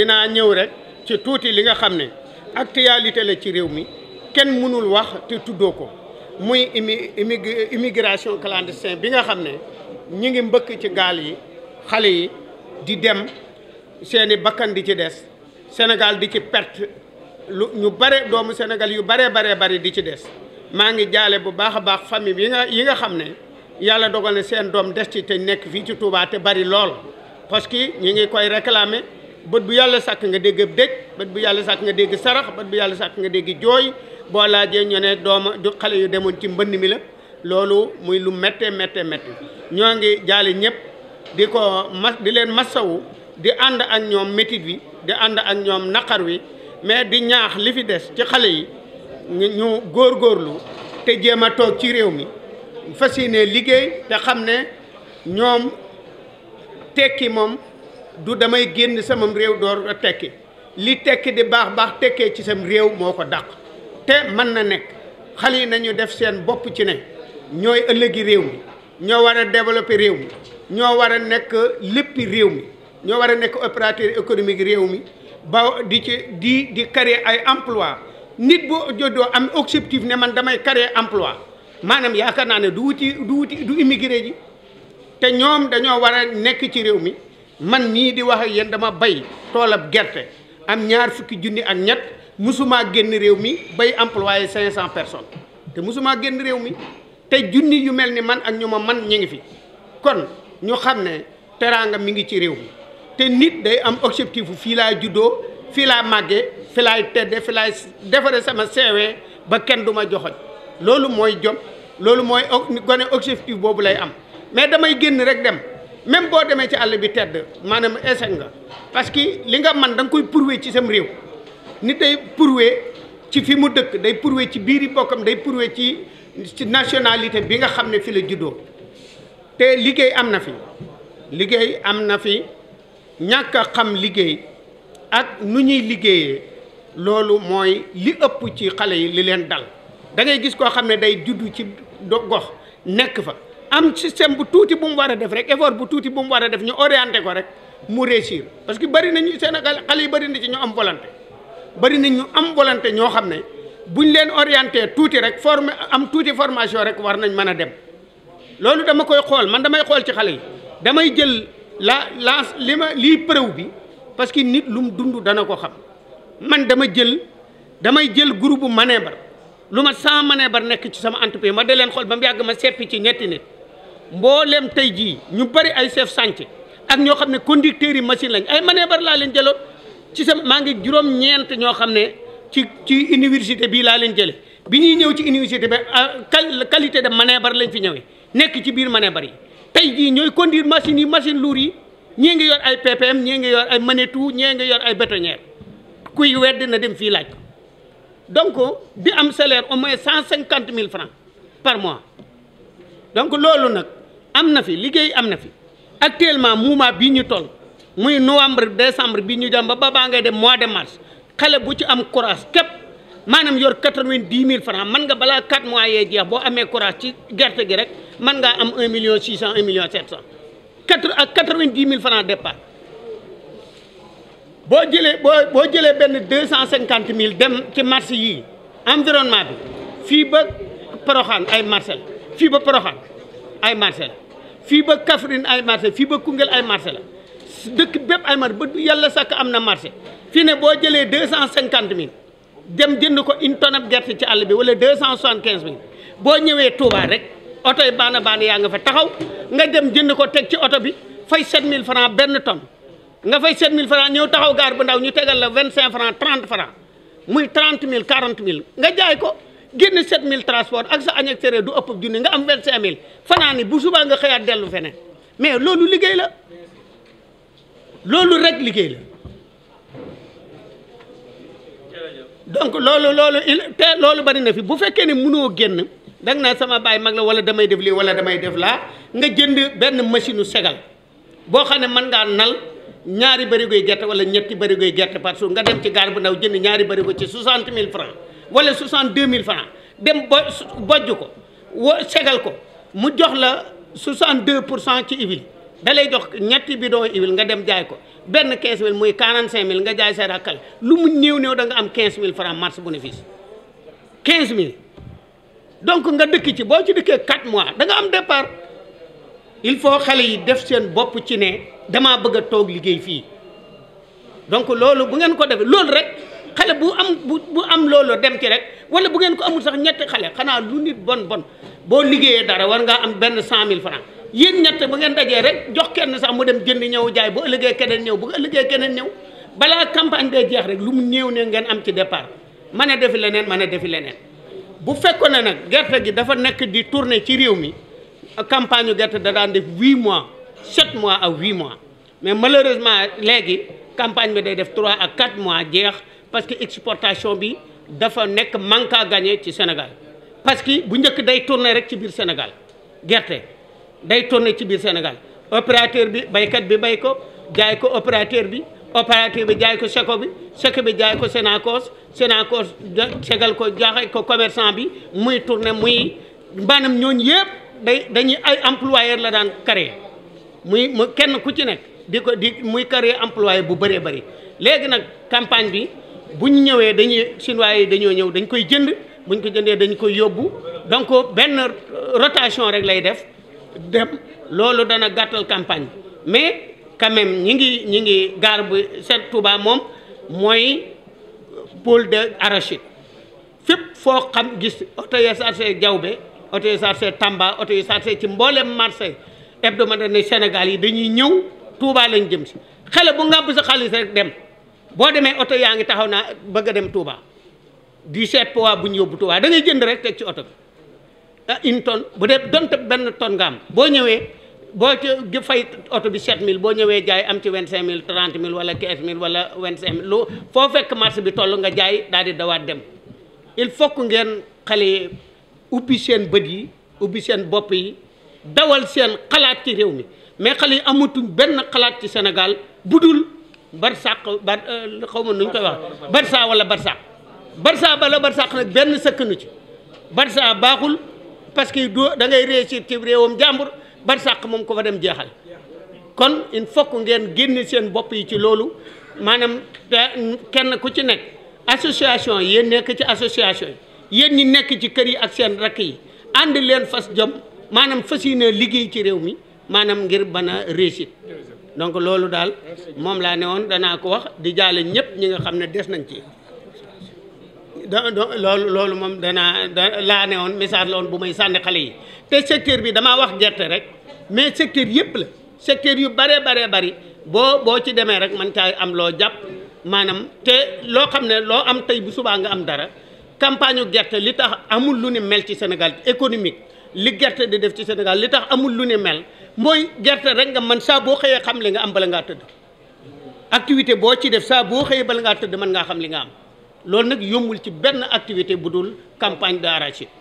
dinaa ñëw rek ci tuuti li nga xam ne actualité la ci réew mi kenn mënul wax te tuddoo ko muy imi immigration clandestine bi nga xam ne ñi ngi mbëkk ci gaal yi xale yi di dem seeni bakkan di ci des Sénégal di ci perte lu ñu bare doomu Sénégal yu bare bare bari di ci des maa ngi jaale bu baax a baax famille yi nga yi nga xam ne yàlla dogal na seen doom des ci te nekk fii ci Touba te bari lool parce que ñi ngi koy réclamer bët bu yàlla sàkk nga dégg dég bët bu yàlla sàkk nga dégg sarax bët bu yàlla sàkk nga dégg jooy boo laajee ñu ne dooma xale yu demoon ci mbënn mi la loolu muy lu méttee méttee méttee ñoo ngi jaale ñëpp di ko ma di leen massawu di ànd ak ñoom métit wi di ànd ak ñoom naqar wi mais di ñaax li fi des ci xale yi ñu góorgóorlu te jéem a toog ci réew mi fas yéene liggéey te xam ne ñoom tekki moom du damay génn samam réew door a tekki li tekki di baax baax tekkee ci sam réew moo ko dàq te mën na nekk xale yi nañu def seen bopp ci ne ñooy ëllëgi réew mi ñoo war a développer réew mi ñoo war a nekk léppi réew mi ñoo war a nekk opérateur économique réew mi ba di ci di di créer ay emploi nit bu joddoo am objectif ne man damay créer emploi maanaam yaakaar naa ne du wuti du wuti du immigré ji te ñoom dañoo war a nekk ci réew mi man mii di wax ak yéen dama bay toolab gerte am ñaar fukki junni ak ñett musumaa génn réew mi bay employé cinq cent personne te musumaa génn réew mi te junni yu mel ni man ak ñu ma man ñu ngi fi kon ñu xam ne teraanga mi ngi ci réew mi te nit day am objectif fii laa juddoo fii laa màggee fi laay tedde fi laay defare sama seewee ba kenn du ma joxoñ loolu mooy jom loolu mooy gone objectif boobu lay am mais damay génn rek dem même boo demee ci àll bi tedd maanaam échec nga parce que li nga man da koy prouver ci seen réew nit day prouver ci fi mu dëkk day prouver ci biir biiri bokkam day prouver ci ci nationalité bi nga xam ne fi la juddoo te liggéey am na fi liggéey am na fi ñàkk a xam liggéey ak nu ñuy liggéeyee loolu mooy li ëpp ci xale yi li leen dal da ngay gis koo xam ne day juddu ci gox nekk fa am système bu tuuti bu mu war a def rek effort bu tuuti bu mu war a def ñu orienté ko rek mu réussir parce que bëri nañu Sénégal xale yi bëri na ci ñu am volonté bari na ñu am volonté ñoo xam ne bu buñ leen orienté tuuti rek forme am tuuti formation rek war nañ mën a dem loolu dama koy xool man damay xool ci xale yi damay jël la la li ma lii preuve bi parce que nit lu mu dund dana ko xam man dama jël damay jël groupe bu manœuvre lu ma cent manœuvre nekk ci sama entreprise ma da leen ba mu yàgg ma seppi ci ñetti nit mbooleem tey jii ñu bari ay chef chantier ak ñoo xam ne conducteurs yi machine lañ ay manœuvre laa leen jëloon ci sama maa ngi juróom-ñeent ñoo xam ne ci ci université bii laa leen jële bi ñuy ñëw ci université bi ah, qualité de manœuvre lañ fi ñëwee nekk ci biir manœuvre yi tey jii ñooy conduire machine yi machine lourd yi ñii ngi yor ay ppm ñii ngi yor ay manetou ñii ngi yor ay bétonnière kuy wedd na dem fii laaj ko donc bi am salaire au moins cent cinquante mille francs par mois donc loolu nag am na fi liggéey am na fi actuellement moment bii ñu toll muy novembre décembre bii ñu jàmm ba babaa ngay dem mois de mars xale bu ci am courage képp maanaam yor quatre-vingt-dix mille francs mën nga balaa quatre mois yee boo amee courage ci gerte gi rek mën ngaa am un million six cent un million sept cent quatre ak quatre-vingt-dix mille francs départ boo jëlee boo boo jëlee benn deux cent cinquante mille dem ci marché yii environnement bi fii ba Porokhane ay marché fii ba Porokhane ay marché fii ba Kaffrine ay marché fii ba Koungheul ay marché la dëkk bépp ay marché ba yàlla sàkk am na marché fii ne boo jëlee deux cent cinquante mille dem jënd ko une tonne ab gerte ci àll bi wala deux cent soixante quinze mille boo ñëwee Touba rek oto yi baana baana yaa nga fa taxaw nga dem jënd ko teg ci oto bi fay sept mille francs benn tonne nga fay sept mil francs ñëw taxaw gaar bu ndaw ñu tegal la vingt cinq francs trente francs muy trente mille quarante mille nga jaay ko génne 7000 transport ak sa añ ak sa reer du ëpp junni nga am 25000 fanaani bu subaa nga xëyaat dellu feneen mais loolu liggéey la loolu rek liggéey la. donc loolu loolu il te loolu bari na fi bu fekkee ne mënoo génn danga naa sama baay mag la wala damay def lii wala damay def laa nga jënd benn machine u segal boo xam ne man ngaa nal. ñaari barigoy gerte wala ñetti barigoy gerte par jour nga dem ci gaar bu ndaw jënd ñaari barigo ci soixante mille francs wala soixante-deux mille francs dem bo bojj ko wa segal ko mu jox la soixante-deux pour cent ci huile da lay jox ñetti bi bidon huile nga dem jaay ko benn quinze mille muy quarante cinq mille nga jaay sa rakkal lu mu néew néew da am quinze mille francs marge bénéfice quinze mille donc nga dëkk ci boo ci dëkkee quatre mois danga am départ il faut xale yi def seen bopp ci ne damaa bëgg a toog liggéey fii donc loolu bu ngeen ko defee loolu rek xale bu am bu bu am loolu dem ci rek wala bu ngeen ko amul sax ñetti xale xanaa lu nit bon bon boo liggéeyee dara war ngaa am benn cent mille francs yéen ñett ba ngeen dajee rek jox kenn sax mu dem jënd ñëw jaay bu ëllëgee keneen ñëw bu ëllëgee keneen ñëw balaa campagne bee jeex rek lu mu néew ne ngeen am ci départ mën a defi leneen mën a defi leneen bu fekkoon ne nag gerte gi dafa nekk di tourner ci réew mi campagne yu gerte da daan def huit mois sept mois ak huit mois mais malheureusement léegi campagne bi day def trois ak quatre mois jeex parce que exportation bi dafa nekk manque à ci Sénégal parce que bu njëkk day tourner rek ci biir Sénégal gerte day tourner ci biir Sénégal opérateur bi baykat bi bay ko jaay ko opérateur bi opérateur bi jaay ko seco bi seko bi jaay ko Sénacos Sénacos segal ko jaaxe ko commerçant bi muy tourner muy maanaam ñooñu yëpp day dañuy ay employeur la daan créer muy mu kenn ku ci nekk di ko di muy créer employé bu bëree bëri léegi nag campagne bi buñ ñëwee dañuy chinois yi dañoo ñëw dañ koy jënd buñ ko jëndee dañ koy yóbbu donc benn rotation rek lay def dem loolu dana gàttal campagne mais quand même ñi ngi ñi ngi gaar bu set Touba moom mooy pôle de arachide fépp foo xam gis oto yu sarse Diawbe oto yu sarse Tamba oto yu sarse ci mboolem marché hebdomadaire Sénégal yi dañuy ñëw Touba lañ jëm si xale bu ngàbb sa xaalis rek dem boo demee oto yaa ngi taxaw naa bëgg a dem Touba 17 poids bu ñu yóbbu Touba da ngay jënd rek teg ci oto bi ah une tonne bu dee donte benn tonne nga am boo ñëwee boo ci fay oto bi 7000 boo ñëwee jaay am ci 25000 30000 wala 15000 wala 25000 lu foo fekk marché bi toll nga jaay daal di dawaat dem il faut ngeen xale yi ubbi seen bët yi ubbi seen bopp yi dawal seen xalaat ci réew mi mais xale yi amatuñ benn xalaat ci Sénégal budul. barsàq bar euh, xaw ma nuñ koy wax barsa wala barsàq barsa bala barsàq nag benn sëkk nu ci barsa baaxul parce que doo da ngay réussir ci réewam jàmbur barsàq moom ko fa dem jeexal kon il faut ngeen génne seen bopp yi ci loolu maanaam kenn ku ci nekk association yéen nekk ci association yi yéen ñi nekk ci kër yi ak seen rakk yi ànd leen fas jom maanaam fas yi ne liggéey ci réew mi maanaam ngir bana réussite donc loolu daal moom laa ne woon danaa ko wax di jaale ñëpp ñi nga xam ne des nañ ci do loolu loolu moom danaa da laa ne woon message la woon bu may sànni xale yi te secteur bi damaa wax gerte rek mais secteur yëpp la secteur yu baree baree bari boo boo ci demee rek man caa am loo jàpp maanaam te loo xam ne loo am tey bu subaa nga am dara campagne gerte li tax amul lu ne mel ci Sénégal économique li gerte di def ci Sénégal li tax amul lu ne mel mooy gerte rek nga man saa boo xëyee xam li nga am bala ngaa tëdd activité boo ci def saa boo xëyee bala ngaa tëdd mën ngaa xam li nga am loolu nag yombul ci benn activité bu dul campagne d'arachide